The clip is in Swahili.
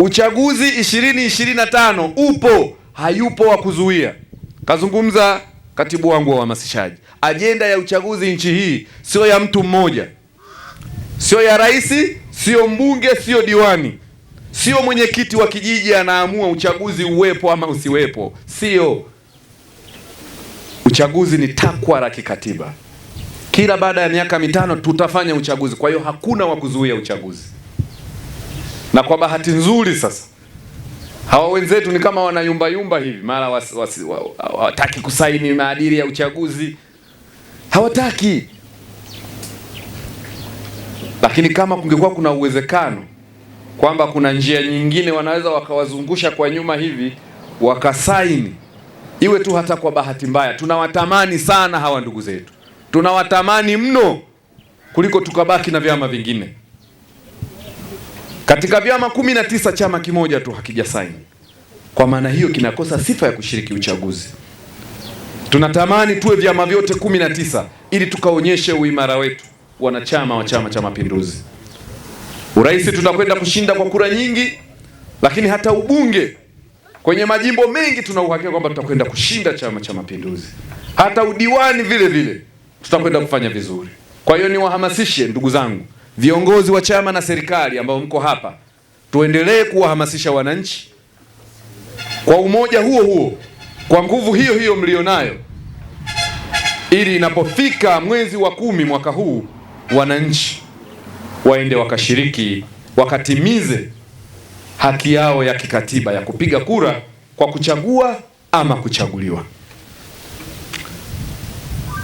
Uchaguzi 2025 upo, hayupo wa kuzuia. Kazungumza katibu wangu wa uhamasishaji, ajenda ya uchaguzi nchi hii sio ya mtu mmoja, sio ya rais, sio mbunge, sio diwani, sio mwenyekiti wa kijiji anaamua uchaguzi uwepo ama usiwepo. Sio, uchaguzi ni takwa la kikatiba. Kila baada ya miaka mitano tutafanya uchaguzi, kwa hiyo hakuna wa kuzuia uchaguzi na kwa bahati nzuri sasa hawa wenzetu ni kama wanayumba yumba hivi, mara hawataki wa, wa, wa, kusaini maadili ya uchaguzi hawataki. Lakini kama kungekuwa kuna uwezekano kwamba kuna njia nyingine wanaweza wakawazungusha kwa nyuma hivi wakasaini, iwe tu hata kwa bahati mbaya. Tunawatamani sana hawa ndugu zetu, tunawatamani mno kuliko tukabaki na vyama vingine. Katika vyama kumi na tisa chama kimoja tu hakijasaini. Kwa maana hiyo kinakosa sifa ya kushiriki uchaguzi. Tunatamani tuwe vyama vyote kumi na tisa ili tukaonyeshe uimara wetu, wanachama wa Chama cha Mapinduzi. Urais tutakwenda kushinda kwa kura nyingi, lakini hata ubunge kwenye majimbo mengi tuna uhakika kwamba tutakwenda kushinda Chama cha Mapinduzi. Hata udiwani vile vile tutakwenda kufanya vizuri. Kwa hiyo niwahamasishe ndugu zangu viongozi wa chama na serikali ambao mko hapa, tuendelee kuwahamasisha wananchi kwa umoja huo huo, kwa nguvu hiyo hiyo mlionayo, ili inapofika mwezi wa kumi mwaka huu wananchi waende wakashiriki, wakatimize haki yao ya kikatiba ya kupiga kura kwa kuchagua ama kuchaguliwa.